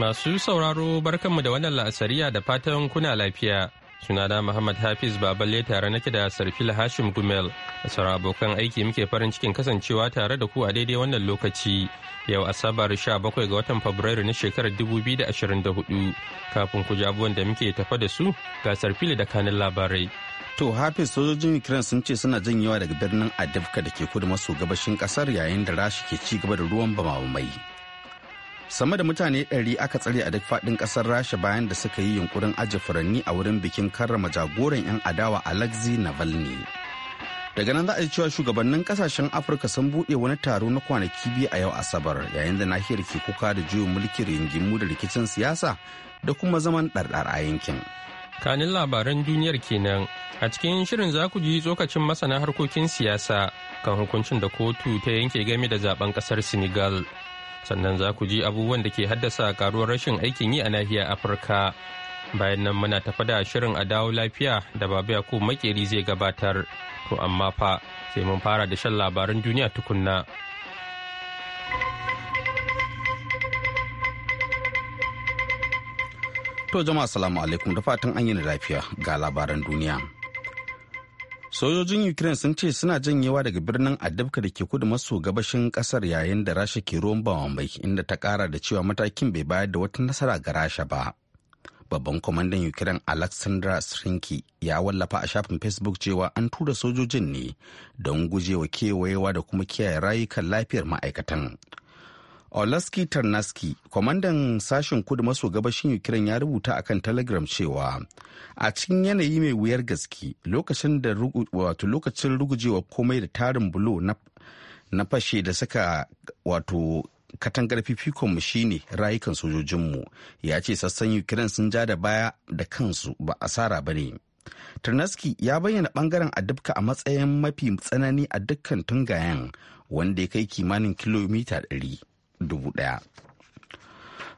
Masu sauraro barkanmu da wannan la'asariya da fatan kuna lafiya. suna Sunana Muhammad Hafiz Baballe tare nake da Sarfil Hashim Gumel. Asara abokan aiki muke farin cikin kasancewa tare da ku a daidai wannan lokaci. Yau Asabar 17 ga watan Fabrairu na shekarar 2024. Kafin ku jabuwan da muke tafa da su ga Sarfil da kanin labarai. To Hafiz sojojin Ukraine sun ce suna jin yawa daga birnin Adivka da ke kudu maso gabashin kasar yayin da Rasha ke ci gaba da ruwan bama mai. sama da mutane 100 aka tsare a duk faɗin ƙasar rasha bayan da suka yi yunkurin aje furanni a wurin bikin karrama jagoran 'yan adawa alexei navalny daga nan za a ji cewa shugabannin kasashen afirka sun buɗe wani taro na kwanaki biyu a yau asabar yayin da nahiyar ke kuka da juyin mulkin rigingimu da rikicin siyasa da kuma zaman ɗarɗar a yankin kanin labaran duniyar kenan a cikin shirin za ku ji tsokacin masana harkokin siyasa kan hukuncin da kotu ta yanke game da zaben ƙasar senegal sannan za ku ji abubuwan da ke haddasa karuwar rashin aikin yi a nahiyar afirka bayan nan muna tafa da shirin a dawo lafiya da baba yakubu makeri zai gabatar to amma fa sai mun fara da shan labaran duniya tukunna to jama'a salamu alaikum da fatan an yi lafiya ga labaran duniya sojojin ukraine sun ce suna janyewa daga birnin adabka da ke kudu maso gabashin kasar yayin da rasha ke ruwan bawambai inda ta kara da cewa matakin bai bayar da wata nasara ga rasha ba babban kwamandan ukraine alexandra srinki ya wallafa a shafin facebook cewa an tura sojojin ne don gujewa kewayewa da kuma kiyaye rayukan lafiyar ma'aikatan Olaski Tarnaski, kwamandan sashen kudu maso gabashin Ukraine ya rubuta akan Telegram cewa a cikin yanayi mai wuyar gaske lokacin da wato lokacin rugujewa komai da tarin bulo na fashe da suka wato katangar mu shine rayukan sojojinmu ya ce sassan Ukraine sun ja da baya da kansu ba asara ba ne. Tarnaski ya bayyana bangaren a dubka a matsayin mafi tsanani a dukkan tungayen wanda ya kai kimanin kilomita 100. dubu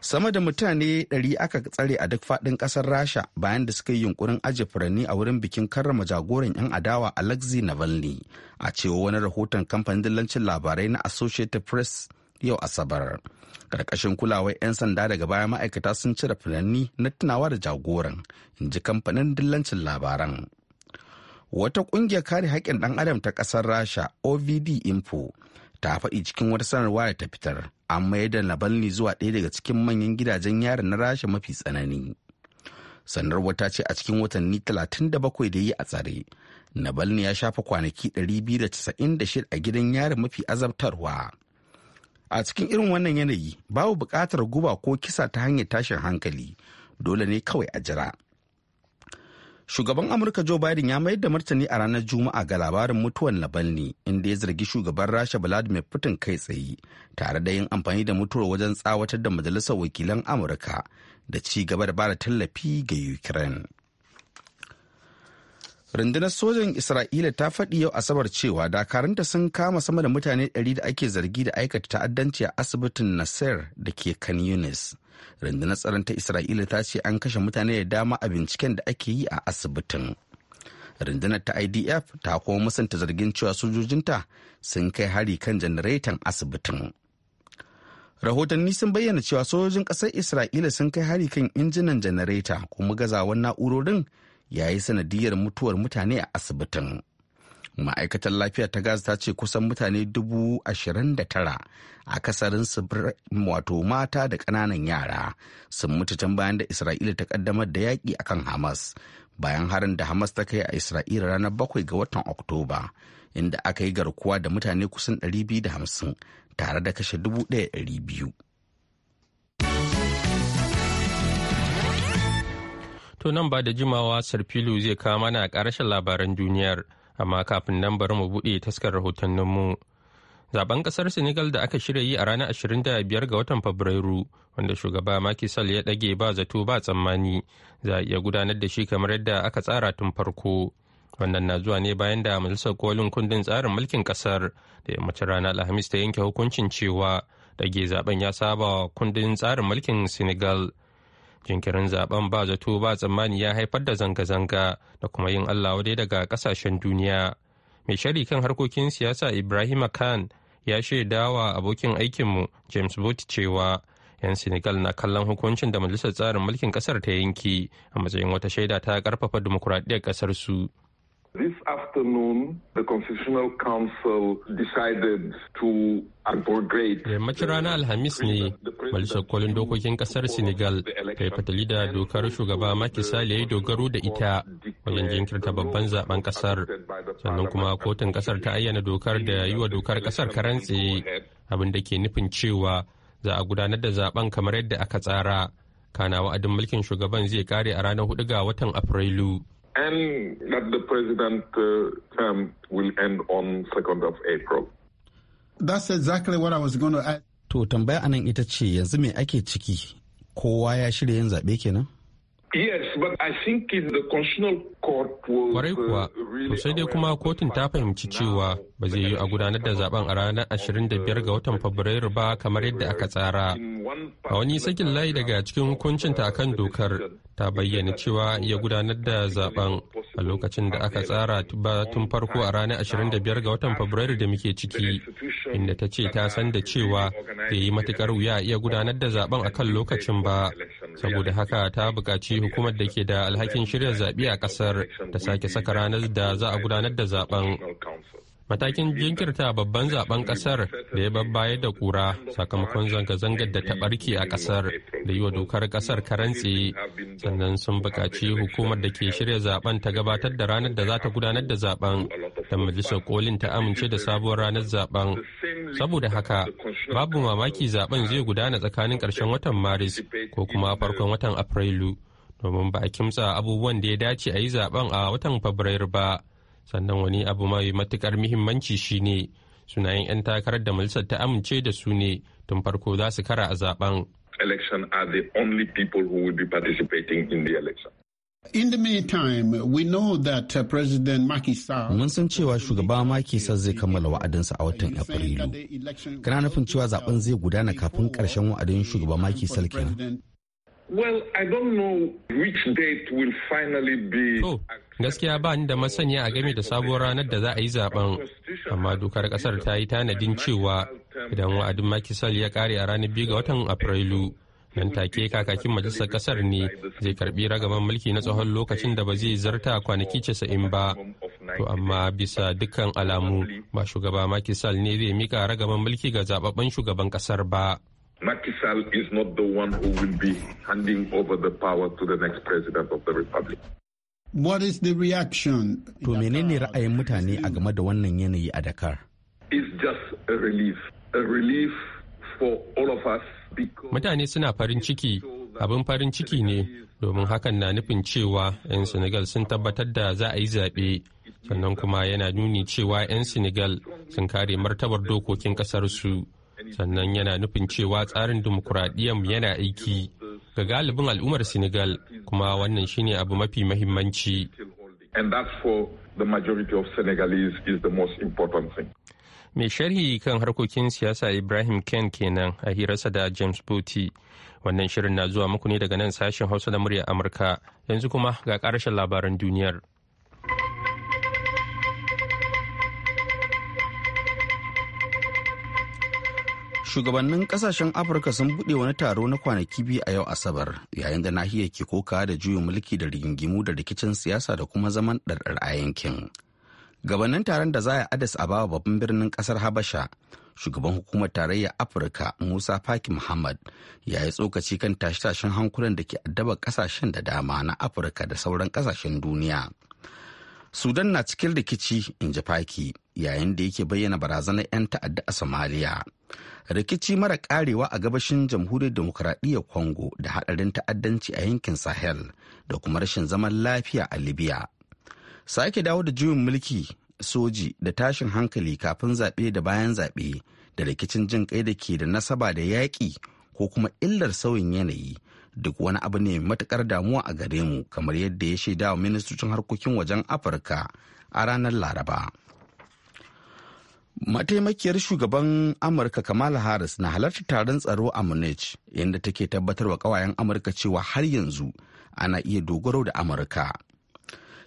sama da mutane ɗari aka tsare a duk faɗin ƙasar rasha bayan da suka yi yunkurin aje furanni a wurin bikin karrama jagoran 'yan adawa alexei navalny a cewa wani rahoton kamfanin dillancin labarai na associated press yau asabar karkashin kulawar 'yan sanda daga baya ma'aikata sun cire furanni na tunawa da jagoran in ji kamfanin dillancin labaran wata ƙungiyar kare haƙƙin ɗan adam ta ƙasar rasha ovd info ta faɗi cikin wata sanarwa da ta fitar an mayar da navalny zuwa ɗaya daga cikin manyan gidajen yari na rasha mafi tsanani sanarwar ta ce a cikin watanni 37 da yi a tsare navalny ya shafa kwanaki 296 a gidan yari mafi azabtarwa a cikin irin wannan yanayi babu buƙatar guba ko kisa ta hanyar tashin hankali dole ne kawai a jira Shugaban Amurka Joe Biden ya mayar da martani a ranar Juma'a ga labarin mutuwan Navalny inda ya zargi shugaban Rasha Vladimir Putin kai tsaye tare da yin amfani da mutuwar wajen tsawatar da Majalisar Wakilan Amurka da ci gaba da bada tallafi ga Ukraine. Rundunar sojan Isra'ila ta faɗi yau Asabar cewa dakaranta sun kama sama da mutane 100 da ake zargi da aikata ta'addanci a asibitin Nasser da ke Kan Yunis. rundunar tsaron ta isra'ila ta ce an kashe mutane da dama a binciken da ake yi a asibitin rundunar ta idf ta kuma musanta zargin cewa sojojinta sun kai hari kan janaretan asibitin rahotanni sun bayyana cewa sojojin ƙasar isra'ila sun kai hari kan injinan janareta kuma gazawan na'urorin yayi sanadiyar mutuwar mutane a asibitin ma'aikatar lafiya ta gaza ta ce kusan mutane dubu ashirin da tara a kasarin wato mata da ƙananan yara sun mutu tun bayan da isra'ila ta kaddamar da yaƙi akan hamas bayan harin da hamas ta kai a isra'ila ranar bakwai ga watan oktoba inda aka yi garkuwa da mutane kusan 250 tare da kashe 1,200 To nan ba da jimawa Sarfilu zai kawo mana a ƙarshen labaran duniyar. amma kafin nan bari mu buɗe taskar rahotanninmu. Zaben ƙasar Senegal da aka shirya yi a ranar 25 ga watan Fabrairu, wanda shugaba Macky Sall ya ɗage ba zato ba tsammani, za a iya gudanar da shi kamar yadda aka tsara tun farko. Wannan na zuwa ne bayan da Majalisar Kolin Kundin Tsarin Mulkin Ƙasar da yammacin rana Alhamis ta yanke hukuncin cewa ɗage zaben ya saba kundin tsarin mulkin Senegal. jinkirin zaben ba zato ba tsammani ya haifar da zanga-zanga da kuma yin allah dai daga kasashen duniya mai shari kan harkokin siyasa ibrahim khan ya shaidawa abokin aikinmu james bott cewa 'yan senegal na kallon hukuncin da majalisar tsarin mulkin kasar ta yanki a matsayin wata shaida ta karfafa dimokuraɗiyyar kasar su. This afternoon, the Constitutional Council decided to abrogate. Yammacin eh, ranar uh, Alhamis ne, Majalisar Kolin Dokokin Kasar Senegal Kai yi fatali da dokar shugaba Macky Sall ya yi dogaro da ita wajen jinkirta babban zaben kasar. Sannan kuma kotun kasar ta ayyana dokar da yi wa dokar kasar karantse abin da ke nufin cewa za a gudanar da zaben kamar yadda aka tsara. Kana wa'adin mulkin shugaban zai kare a ranar 4 ga watan Afrilu. and that the President uh, term will end on 2nd of April. That's exactly what I was going to add. To tambaya anan ita ce yanzu me ake ciki kowa ya shirya yin zaɓe kenan? Kwarai kuwa, uh, to dai kuma kotun ta fahimci cewa ba zai yi a gudanar da zaben a ranar 25 uh, ga watan Fabrairu ba kamar yadda aka tsara. A wani sakin layi daga cikin hukuncin uh, hukuncinta kan dokar ta bayyana cewa ya gudanar da zaben a lokacin da aka tsara ba tun farko a ranar 25 ga watan Fabrairu da muke ciki, inda ta ce ta san da cewa zai yi matukar wuya iya gudanar da zaben kan lokacin ba. saboda haka ta buƙaci hukumar da ke da alhakin shirya zaɓe a ƙasar ta sake saka ranar da za a gudanar da zaben matakin jinkirta babban zaben kasar da ya babbaye da kura sakamakon zanga-zangar da ta barke a kasar da yi wa dokar kasar karantse sannan sun buƙaci hukumar da ke shirya zaben ta gabatar da ranar da za ta gudanar da zaben da majalisar kolin ta amince da sabuwar ranar zaben Saboda haka, babu mamaki zaben zai gudana tsakanin karshen watan Maris ko kuma farkon watan Afrilu, domin ba a kimtsa abubuwan da ya dace a yi zaben a watan Fabrairu ba. Sannan wani abu mai matukar muhimmanci shine yin 'yan takarar da majalisar ta amince da su ne tun farko za su kara a zaben. election are the only people who will be participating in the election. In the meantime, we know that uh, President Macky Mun san cewa shugaba Macky Sall zai kammala wa'adinsa a watan Afrilu. Kana nufin cewa zaben zai gudana kafin karshen wa'adin shugaba Macky Sall kenan. Well, I don't know which will finally be. To, gaskiya ba ni da masaniya a game da sabuwar ranar da za a yi zaben, amma dokar kasar ta yi tanadin cewa idan wa'adin Macky Sall ya kare a ranar biyu ga watan Afrilu, nan take kakakin majalisar kasar ne zai karbi ragaban mulki na tsawon lokacin da ba zai zarta kwanaki casa'in ba to amma bisa dukkan alamu ba shugaba makisal ne zai mika ragaban mulki ga zababben shugaban kasar ba makisal is not the one who will be handing over the power to the next president of the republic. What is the reaction? To menene ra'ayin mutane a game da wannan yanayi a Dakar? It's just a relief. A relief Mutane suna farin ciki, abin farin ciki ne domin hakan na nufin cewa 'yan Senegal sun tabbatar da za a yi zaɓe, sannan kuma yana nuni cewa 'yan Senegal sun kare martabar dokokin ƙasarsu, sannan yana nufin cewa tsarin dimokuraɗiyyar yana aiki ga galibin al'ummar Senegal, kuma wannan shine abu mafi mahimmanci. And for the majority of is the most important thing. mai sharhi kan harkokin siyasa ibrahim ken kenan a hirarsa da james buti wannan shirin na zuwa muku ne daga nan sashen hausa da murya amurka yanzu kuma ga karshen labaran duniyar shugabannin kasashen afirka sun buɗe wani taro na kwanaki biyu a yau asabar yayin da nahiyar ke koka da juyin mulki da rigingimu da rikicin siyasa da kuma zaman ɗarɗar a yankin gabanin taron da za a addis ababa babban birnin kasar habasha shugaban hukumar tarayya afirka musa faki muhammad ya yi tsokaci kan tashe-tashen hankulan da ke addabar kasashen da dama na afirka da sauran kasashen duniya sudan na cikin rikici in ji faki yayin da yake bayyana barazanar 'yan ta'adda a somaliya rikici mara karewa a gabashin jamhuriyar demokuraɗiyyar congo da haɗarin ta'addanci a yankin sahel da kuma rashin zaman lafiya a libya sake dawo da juyin mulki soji da tashin hankali kafin zaɓe da bayan zaɓe da rikicin jin kai da ke da nasaba da yaƙi ko kuma illar sauyin yanayi duk wani abu ne matukar damuwa a gare mu kamar yadda ya shaida wa ministocin harkokin wajen afirka a ranar laraba mataimakiyar shugaban amurka kamala harris na halartar taron tsaro a munich inda take tabbatar wa kawayen amurka cewa har yanzu ana iya dogaro da amurka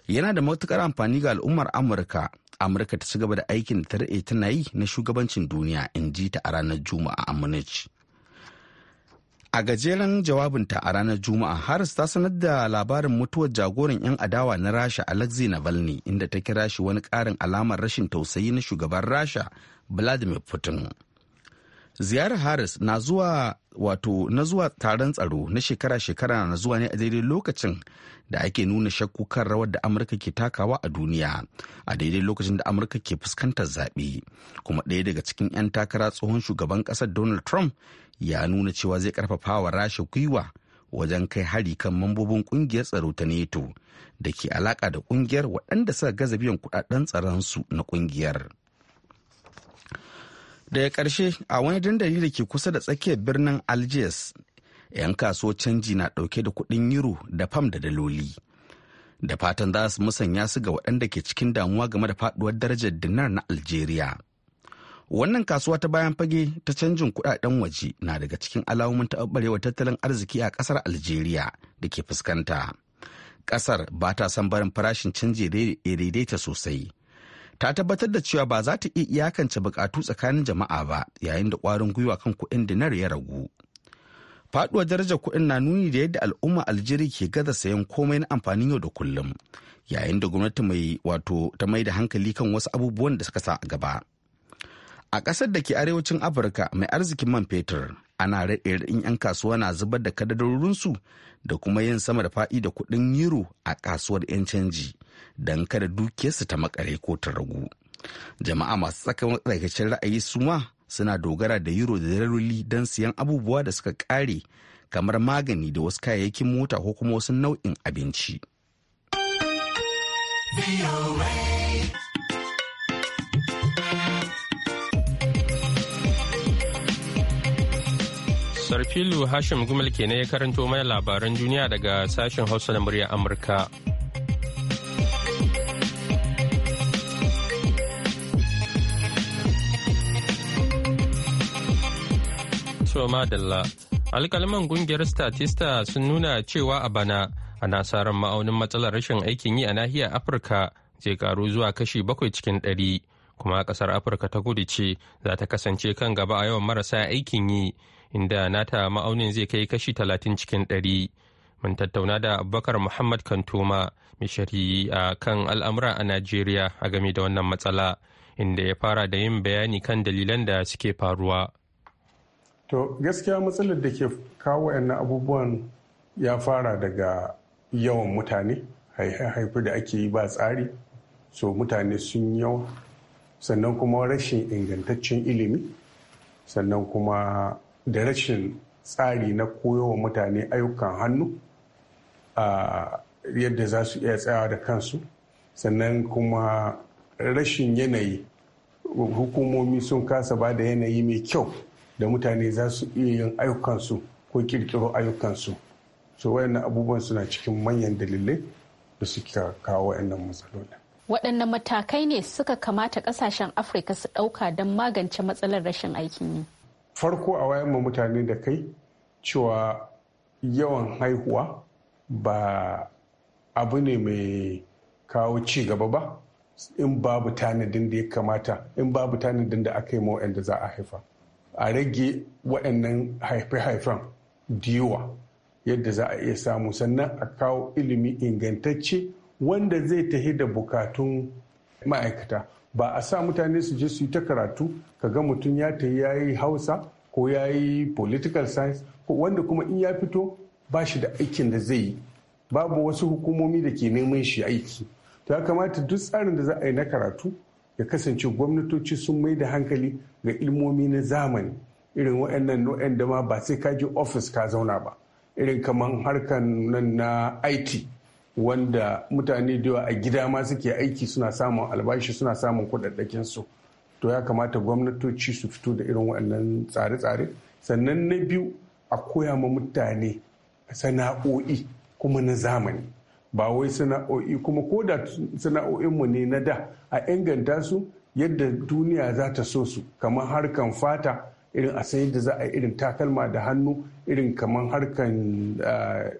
yana da matukar amfani ga al'ummar amurka amurka ta cigaba da aikin da ta rade tana yi na shugabancin duniya in ji ta a ranar juma'a a munich a gajeren jawabinta a ranar juma'a harris ta sanar da labarin mutuwar jagoran 'yan adawa na rasha alexei navalny inda ta kira shi wani karin alamar rashin tausayi na shugaban rasha vladimir putin ziyarar harris na zuwa wato na zuwa taron tsaro na shekara-shekara na zuwa ne a daidai lokacin da ake nuna shakku kan rawar da amurka ke takawa a duniya a daidai lokacin da amurka ke fuskantar zaɓe kuma ɗaya daga cikin 'yan takara tsohon shugaban ƙasar donald trump ya nuna cewa zai ƙarfafa wa rasha gwiwa wajen kai hari kan mambobin ƙungiyar tsaro ta neto da ke alaƙa da ƙungiyar waɗanda suka gaza biyan kuɗaɗen tsaronsu na ƙungiyar. daga ƙarshe a wani dandali da ke kusa da tsakiyar birnin algiers 'yan kasuwa canji na ɗauke da kuɗin yuro da fam da daloli da fatan za su musanya su ga waɗanda ke cikin damuwa game da faɗuwar darajar dinar na algeria wannan kasuwa ta bayan fage ta canjin kuɗaɗen waje na daga cikin alamomin taɓarɓarewar tattalin arziki a ƙasar algeria da ke fuskanta ƙasar ba ta son barin farashin canji daidaita sosai ta tabbatar da cewa ba za ta iya iyakance bukatu tsakanin jama'a ba yayin da kwarin gwiwa kan kuɗin dinar ya ragu faduwar darajar kuɗin na nuni da yadda al'umma Aljiri ke gaza sayan komai na amfanin yau da kullum yayin da gwamnati mai wato ta mai da hankali kan wasu abubuwan da suka sa a gaba a ƙasar da ke arewacin afirka mai arzikin man fetur ana raɗe in 'yan kasuwa na zubar da kadadarorinsu da kuma yin sama da fa'i da kuɗin euro a kasuwar 'yan canji don kada dukiyarsu ta makare ko ta ragu jama'a masu tsakamakon ra'ayi su ma suna dogara da euro da daroli don siyan abubuwa da suka kare, kamar magani da wasu kayayyakin mota ko kuma wasu nau'in abinci. Sarfilu Hashim Gumal ne ya karanto mana labaran duniya daga sashen Hausa na murya Amurka. Soma Dalla. Alkalman gungiyar Statista sun nuna cewa a bana ana sa ma'aunin matsalar rashin aikin yi a nahiyar Afirka zai karu zuwa kashi bakwai cikin ɗari. kuma kasar afirka ta kudu ce za ta kasance kan gaba a yawan marasa aikin yi inda nata ma'aunin zai kai kashi talatin cikin ɗari. Mun tattauna da Abubakar Muhammad Kantoma, mai shari'i a kan al'amura a Najeriya a game da wannan matsala, inda ya fara da yin bayani kan dalilan da suke faruwa. To gaskiya matsalar da ke kawo abubuwan ya fara daga yawan mutane haifi da ake yi ba tsari so mutane sun yawa sannan kuma rashin ingantaccen ilimi sannan kuma da rashin tsari na koyowa mutane ayyukan hannu a yadda za su iya tsayawa da kansu sannan kuma rashin yanayi hukumomi sun kasa ba da yanayi mai kyau da mutane za su iya yin ayyukansu ko kirkiro ayyukansu so wayannan abubuwan suna cikin manyan dalilai da suka kawo wayannan matsalolin waɗannan matakai ne suka kamata ƙasashen afirka su ɗauka don magance matsalar rashin aikin yi farko a wayan ma mutane da kai cewa yawan haihuwa ba abu ne mai kawo ci gaba ba in babu tanadin da ya kamata in babu tanadin da aka yi ma waɗanda za a haifa a rage waɗannan haife-haifen diwa yadda za a iya samu sannan a kawo ilimi ingantacce wanda zai tahi da bukatun ma'aikata ba a sa mutane su je su yi ta karatu ka ga mutum ya ta ya yi hausa ko ya yi political science ko wanda kuma in ya fito ba shi da aikin da zai yi babu wasu hukumomi da ke neman shi aiki to ya kamata duk tsarin da za a yi na karatu ya kasance gwamnatoci sun mai da hankali ga ilmomi na zamani irin waɗannan nau'in da ma ba sai ka je ofis ka zauna ba irin kamar harkan nan na IT wanda mutane da yawa a gida ma suke aiki suna samun albashi suna samun kuɗaɗɗakin su to ya kamata gwamnatoci su fito da irin wannan tsare-tsare sannan na biyu a koya ma mutane sana'o'i kuma na zamani ba wai sana'o'i kuma ko da mu ne na da a inganta su yadda duniya za ta so su kamar harkan fata irin a sayar da za a irin takalma da hannu irin kamar harkan eh,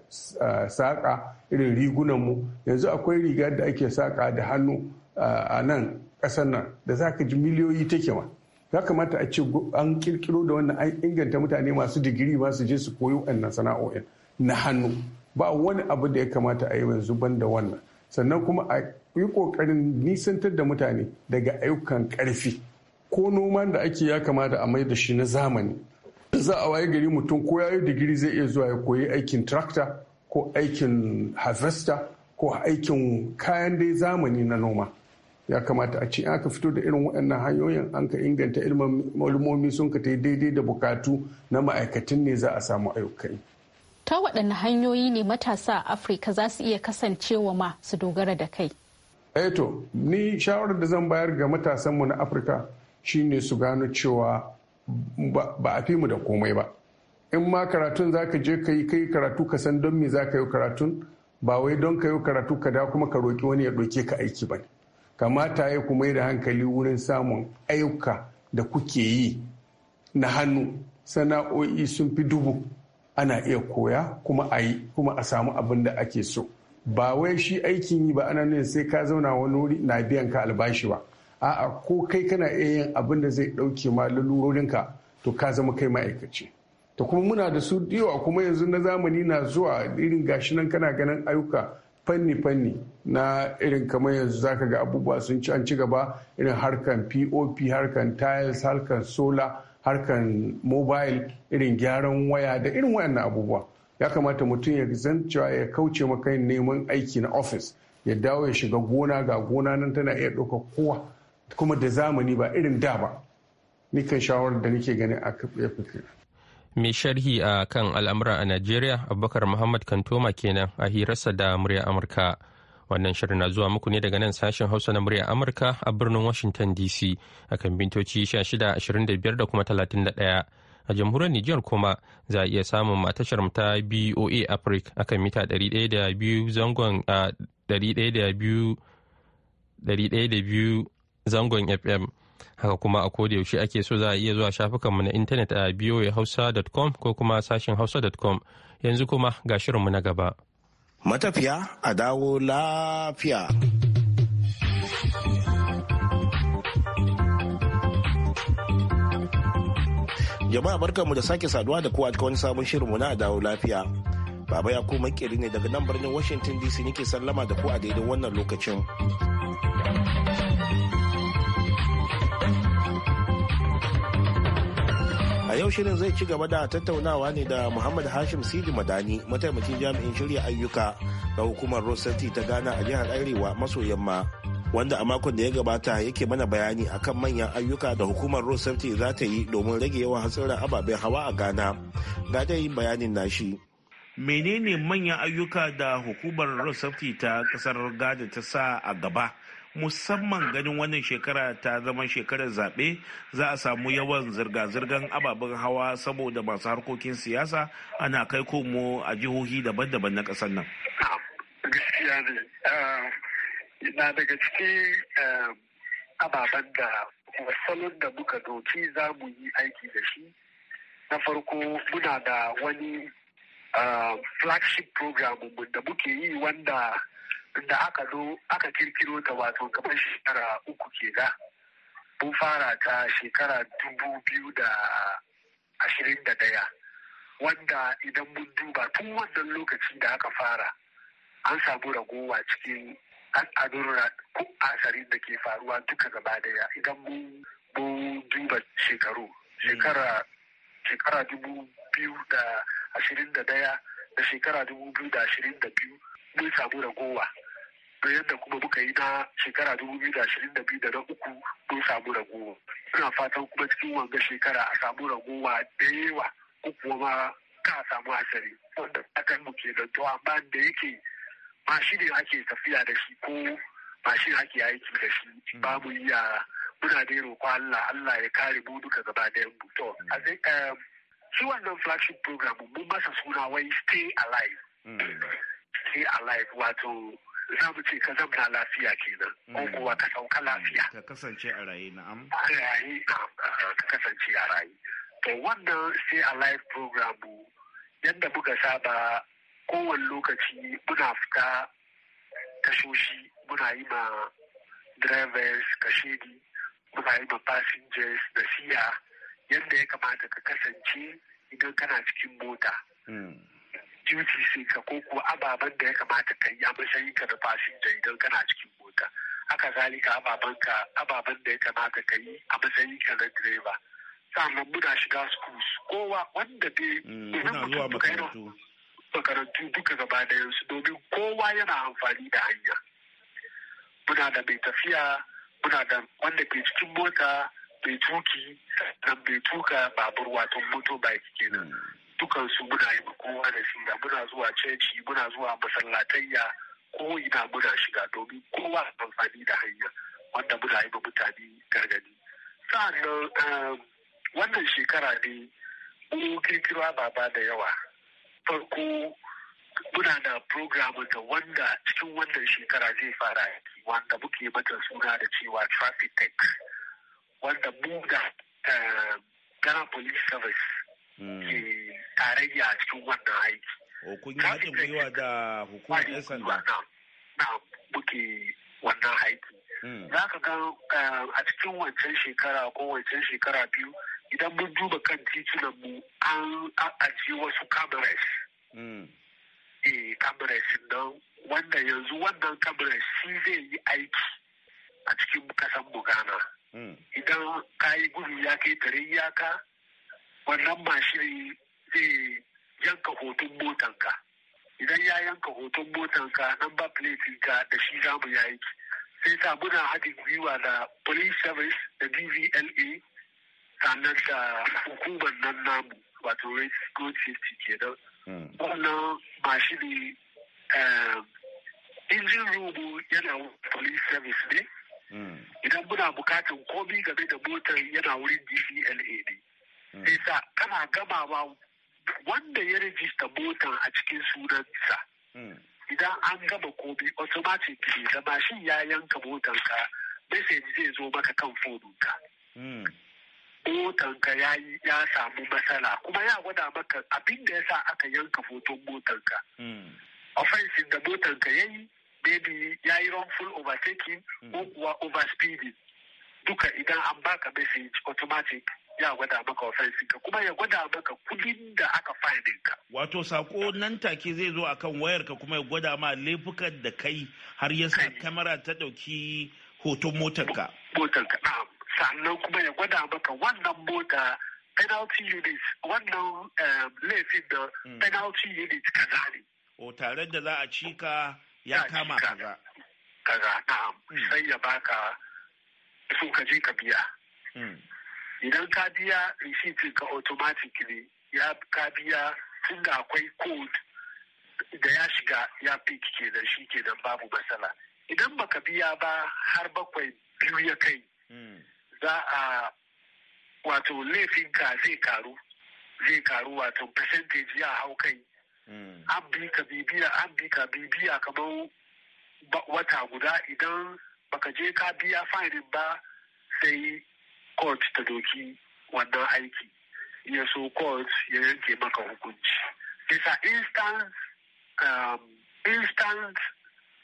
eh, saƙa irin rigunan mu yanzu akwai riga da ake saka da hannu a nan ƙasar nan da za ka ji miliyoyi take ma ya kamata a ce an kirkiro da wannan an inganta mutane masu digiri masu je su koyi wannan sana'o'in na hannu ba wani abu da ya kamata a yi yanzu ban da wannan sannan kuma a yi kokarin nisantar da mutane daga ayyukan karfi ko noma da ake ya kamata a mai da shi na zamani za a waye gari mutum ko ya yi digiri zai iya zuwa ya koyi aikin tractor ko aikin harvester ko aikin kayan dai zamani na noma ya kamata a ce aka fito da irin waɗannan hanyoyin an ka inganta malumomi sun ka yi daidai da bukatu na ma'aikatan ne za a samu ayyukan ta waɗanne hanyoyi ne matasa a afirka za su iya kasancewa ma su dogara da kai eto eh ni shawarar da zan bayar ga matasanmu na afirka shine su gano cewa ba a fi mu da komai ba in ma karatun za ka je ka yi kai karatu ka san don me za ka yi karatun ba wai don ka yi karatu ka da kuma ka roƙi wani ya ɗauke ka aiki ba kamata ya kuma yi da hankali wurin samun ayyuka da kuke yi na hannu sana'o'i sun fi dubu ana iya koya kuma a yi kuma a samu abin da ake so ba wai shi aikin yi ba ana nan sai ka zauna wani wuri na biyan ka albashi ba a'a ko kai kana iya yin abin da zai ɗauke ma lalurorinka to ka zama kai ma'aikaci ta kuma muna da su yawa kuma yanzu na zamani na zuwa irin gashi nan kana ganin ayyuka fanni-fanni na irin kamar yanzu zaka ga abubuwa sun ci an ci gaba irin harkan pop harkan tiles harkan solar harkan mobile irin gyaran waya da irin wayannan abubuwa ya kamata mutum ya zancewa ya kauce maka yin neman aiki na office ya dawo ya shiga gona ga gona nan tana iya ɗauka kowa kuma da zamani ba irin da ba nikan shawarar da nake ganin a ya fi mai sharhi a kan al'amura a Najeriya Abubakar Muhammad Kantoma kenan a hirarsa da murya Amurka. Wannan shirin na zuwa muku ne daga nan sashen Hausa na murya Amurka a birnin Washington DC a kan bintoci 1625 da kuma 31. A jamhuriyar Nijar kuma za a iya samun matashar ta BOA Africa a kan mita 102 zangon a 102 zangon FM. haka kuma a koda yaushe ake so za a iya zuwa shafukanmu na intanet a voahausa.com ko kuma sashen hausa.com yanzu kuma ga shirinmu na gaba. Matafiya a dawo lafiya. Jama'a barkanmu da sake saduwa da kowa cikin wani sabon shirinmu na dawo lafiya. Baba ya kuma ne daga nan birnin Washington DC nake sallama da ku a daidai wannan lokacin. yau shirin zai ci gaba da tattaunawa ne da Muhammad Hashim Sidi Madani mataimakin jami'in shirya ayyuka da hukumar Rosati ta Ghana a jihar Arewa maso yamma wanda a makon da ya gabata yake mana bayani akan manyan ayyuka da hukumar road za ta yi domin rage yawan hatsarin ababen hawa a ghana ga dai bayanin nashi menene manyan ayyuka da hukumar road ta kasar ghana ta sa a gaba musamman ganin wannan shekara ta zama shekarar zaɓe za a samu yawan zirga-zirgar ababen hawa saboda masu harkokin siyasa ana kai komo a jihohi daban-daban na ƙasar nan. gaskiya ne eh, na daga cikin eh, ababen da salon da muka doki za mu yi aiki da shi na farko muna da wani eh, flagship program da muke yi wanda da aka zo aka kirkiro ta wato kamar shekara uku ke da mun fara ta shekara dubu biyu da ashirin da daya wanda idan mun duba tun wannan lokacin da aka fara an samu ragowa cikin al'adun asarin da ke faruwa duka gaba daya idan mun duba shekaru shekara dubu biyu da ashirin da daya da shekara dubu biyu da ashirin da biyu mun samu ragowa da yadda kuma muka yi na shekara dubu biyu da ashirin da da na uku mun samu ragowa ina fatan kuma cikin wanga shekara a samu ragowa da yawa ko kuma ma ka samu hasari wanda akan mu ke to amma da yake mashi ake tafiya da shi ko mashin ake aiki da shi hmm. ba mu iya muna da yaro ko Allah Allah ya kare mu duka gaba da mu buto. Hmm. Eh, shi wannan flagship program mun masa suna wai stay alive hmm. stay alive wato za mu ce ka zauna lafiya kenan ko mm. kuwa ka sauka lafiya mm. ka kasance a raye na'am a raye ka kasance a raye to wannan Stay Alive program yadda muka saba kowane lokaci muna fita tashoshi muna yi ma drivers kashedi muna yi ma passengers da siya yadda ya kamata ka kasance idan kana cikin mota mm. duties ka ko kuwa ababen da ya kamata ka yi a matsayin ka da fasinja idan kana cikin mota haka zalika ababen ka ababen da ya kamata ka yi a matsayin ka na direba sannan muna shiga schools kowa wanda dai mm, idan mutum duka yana makarantu duka gaba da yansu domin kowa yana amfani da hanya muna da mai tafiya muna da wanda ke cikin mota mai tuki nan mai tuka babur wato moto bike kenan mm. dukansu muna yi kowa da shiga muna zuwa ceci muna zuwa masallatayya ko ina muna shiga domin kowa amfani da hanya wanda muna yi mutane gargadi sa'annan eh, wannan shekara ne mun kirkira baba da yawa farko muna da program da wanda cikin wannan shekara zai fara yaki wanda muke mata suna da cewa traffic tax wanda mu da eh, ghana police service hmm. ke tarayya a cikin wannan aiki. O oh, kun yi haɗin gwiwa da hukumar ƴan sanda. Na muke wannan aiki. Hmm. Za ka ga eh, a cikin wancan shekara ko wancan shekara biyu idan mun duba kan titunan mu an ajiye wasu kamaras. Hmm. Eh kamaras nan wanda yanzu wannan kamaras shi zai yi aiki a cikin kasan mu hmm. Idan ka yi gudu ya kai tare iyaka wannan mashin zai yanka hoton motanka idan ya yanka hoton motanka nan ba plate ka da shi za mu yayi sai sa muna haɗin gwiwa da police service da dvla sannan da hukumar nan namu wato race road safety da hmm. wannan mashini eh, injin robo yana police service ne hmm. idan muna bukatan komi game da motar yana wurin dvla ne hmm. sai sa kana gamawa wanda ya rijista motar a cikin sunansa hmm. idan an gama komi automatic ne da mashin ya yanka motanka message zai zo maka kan fonunka hmm. motanka ya ya samu matsala kuma ya gwada maka abin da ya sa aka yanka hoton motanka hmm. ofensin da motanka ya yi maybe ya yi wrongful overtaking ko kuwa overspeeding duka idan an baka message automatic ya gwada maka offensive ka kuma ya gwada maka kudin da aka fadin ka wato sako nan take zai zo akan wayar ka kuma ya gwada ma laifukan da kai har ya sa kamera ta dauki hoton motar ka motar ka sannan kuma ya gwada maka wannan mota penalty unit wannan eh, laifin da hmm. penalty unit kaza ne o tare da za a ci ka ya kama kaza kaza na'am hmm. sai ya baka sun ka je ka biya hmm. idan ka biya receipt ka automatically ya ka biya tun da akwai code da ya shiga ya pick ke da shi ke da babu matsala idan baka biya ba har bakwai biyu ya kai hmm. za a wato laifin ka zai karu zai karu wato percentage ya hau kai hmm. an bi ka bibiya an bi ka bibiya kamar wata guda idan baka je ka biya fine ba sai court ta doki wannan aiki ya so court ya yanke maka hukunci bisa instant um, instant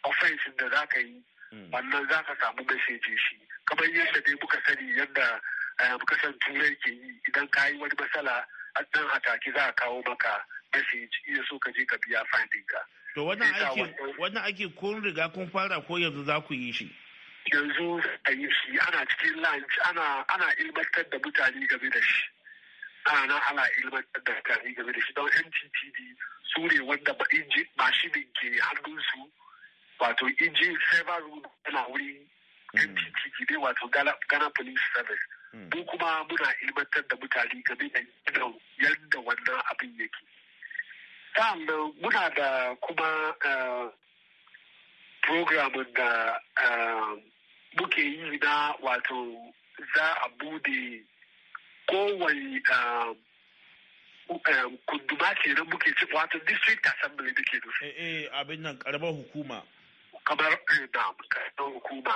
offense da za ka yi hmm. wannan za ka samu message shi kamar yadda dai muka sani yadda eh, kasan turai ke yi idan ka yi wani matsala a' ɗan hataki za a kawo maka message iya so ka je ka biya finding ka. To wannan aiki kun riga kun fara ko yanzu za ku yi shi? yanzu a yi shi ana cikin lunch ana ana ilmantar da mutane game da shi ana nan ana ilmantar da mutane game da shi don nttd su ne wanda ba injin ne ke su wato injin server room yana wuri hmm. nttd ne wato ghana police service hmm. mu kuma muna ilmantar da mutane game da yadda wannan abin yake sa'annan muna da kuma eh, program da eh, muke yi na wato za a bude kowai ah, um, kunduma ce na muke ci wato district assembly ke nufi. Eh, eh abin nan karamar hukuma. Kamar na eh, karamar hukuma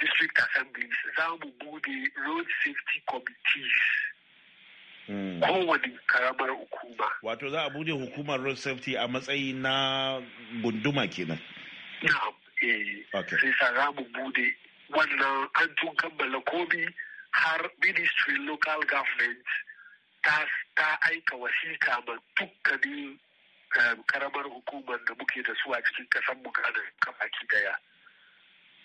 district assemblies za mu bude road safety committees. Hmm. Kowane karamar hukuma. Wato za a bude hukumar road safety a matsayi na gunduma kenan. Na, eh, sai sa za mu bude wannan an tun kammala komi har ministry local government ta, ta aika wasika ma dukkanin karamar um, hukumar da muke da su a cikin kasan mu ga daya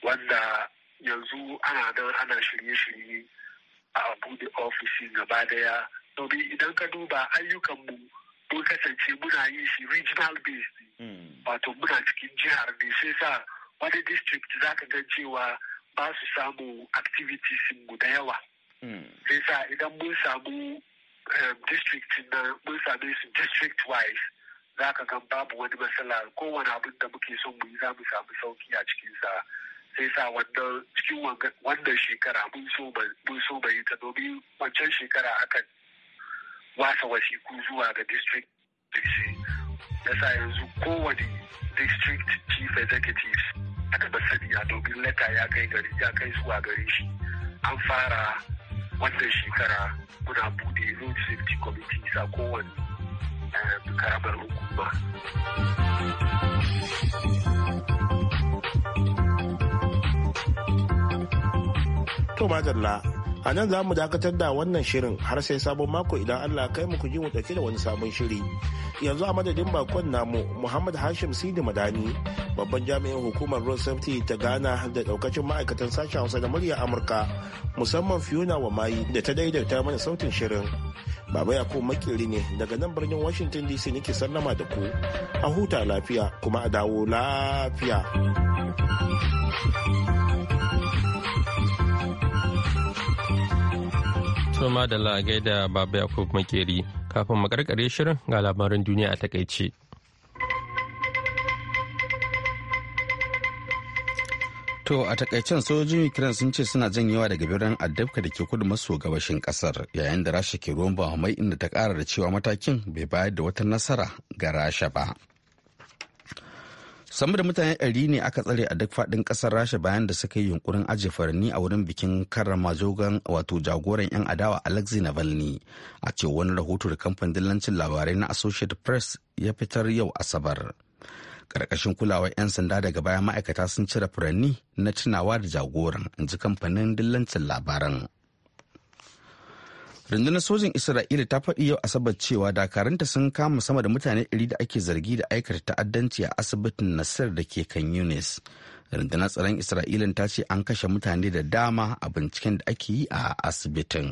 wanda yanzu ana nan ana shirye-shirye a bude ofishi gaba daya domin idan ka duba ayyukanmu mun kasance muna yi shi regional based hmm. wato muna cikin jihar ne sai sa wani district za ka ga cewa ba su samu activities mu da yawa hmm. sai sa idan mun samu eh, district na mun same su district wise za ka gan babu wani matsala kowane abin da muke son mu yi za mu samu sauki a cikinsa sai sa wannan cikin wannan shekara mun so bai ta domin wancan shekara akan wasa wasiku zuwa ga district Sai sa yanzu kowane district chief executive aka bar sani ya domin lata ya kai gari ya kai zuwa gare shi an fara wannan shekara muna bude road safety committee a kowane eh, karamar hukuma. To majalla a nan za mu dakatar da wannan shirin har sai sabon mako idan allah kai mu ku ji mu da wani sabon shiri yanzu a madadin bakon namu muhammad hashim sidi madani babban jami'in hukumar road safety ta ghana da daukacin ma'aikatan sashen hausa da murya amurka musamman fiona wa mayi da ta daidaita mana sautin shirin baba yakubu makiri ne daga nan birnin washington dc nake sallama da ku a huta lafiya kuma a dawo lafiya Soma da lagai da babu Yakub Makeri kafin makarkare shirin ga labaran duniya a takaice. To a takaicen sojojin Ukraine sun ce suna janyewa daga birnin Addabka da ke kudu maso gabashin kasar yayin da Rasha ke ruwan bahamai inda ta kara da cewa matakin bai bayar da wata nasara ga Rasha ba. sama da mutane ɗari ne aka tsare a duk faɗin ƙasar rasha bayan da suka yi yunkurin ajiye furanni a wurin bikin karrama jogon wato jagoran 'yan adawa alexei navalny a ce wani rahoto da kamfanin dillancin labarai na associated press ya fitar yau asabar ƙarƙashin kulawar 'yan sanda daga baya ma'aikata sun cire furanni na tunawa da jagoran in ji kamfanin dillancin labaran rundunar sojin isra'ila ta faɗi yau asabar cewa dakaranta sun kama sama da mutane 100 da ake zargi da aikata ta'addanci a asibitin nasir da ke kan yunis rundunar tsaron isra'ila ta ce an kashe mutane da dama a binciken da ake yi a asibitin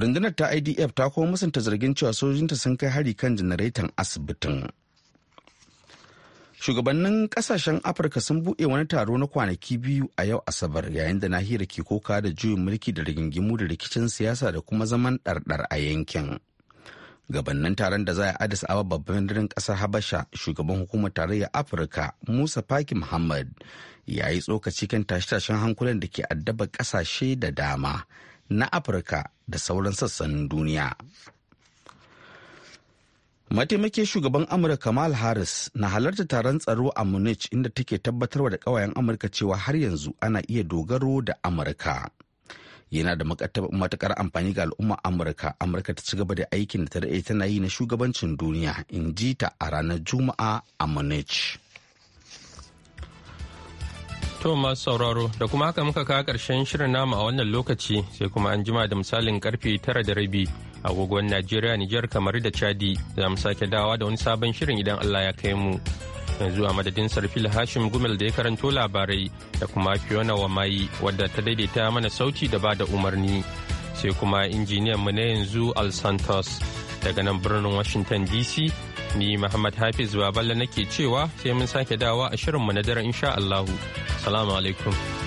rundunar ta idf ta kuma musanta zargin cewa sojinta sun kai hari kan janaraitan asibitin shugabannin kasashen afirka sun buɗe wani taro na kwanaki biyu a yau asabar yayin da nahiyar ke koka da juyin mulki da rigingimu da rikicin siyasa da kuma zaman ɗarɗar a yankin gabannin taron da za a addis ababa babban birnin ƙasar habasha shugaban hukumar tarayyar afirka musa faki muhammad ya yi tsokaci kan tashe-tashen hankulan da ke addaba ƙasashe da dama na afirka da sauran sassan duniya mataimakin shugaban amurka kamal harris na halarta taron tsaro a munich inda take tabbatarwa da kawayen amurka cewa har yanzu ana iya dogaro da amurka yana da matukar amfani ga al'ummar amurka amurka ta ci gaba da aikin da ta dae tana yi na shugabancin duniya in ji ta a ranar juma'a a munich To masu sauraro da kuma haka muka kawo ƙarshen shirin nama a wannan lokaci sai kuma an jima da misalin karfe tara da rabi agogon Najeriya, Nijar kamar da Chadi za mu sake dawa da wani sabon shirin idan Allah ya kai mu. Yanzu a madadin Sarfil Hashim Gumel da ya karanto labarai da kuma Fiona Wamai wadda ta daidaita mana sauti da ba da umarni. Sai kuma injiniyan mu na yanzu Al Santos daga nan birnin Washington DC. Ni Muhammad Hafiz Baballe nake cewa sai mun sake dawa a shirin mu na daren insha Allahu. Salamu alaikum.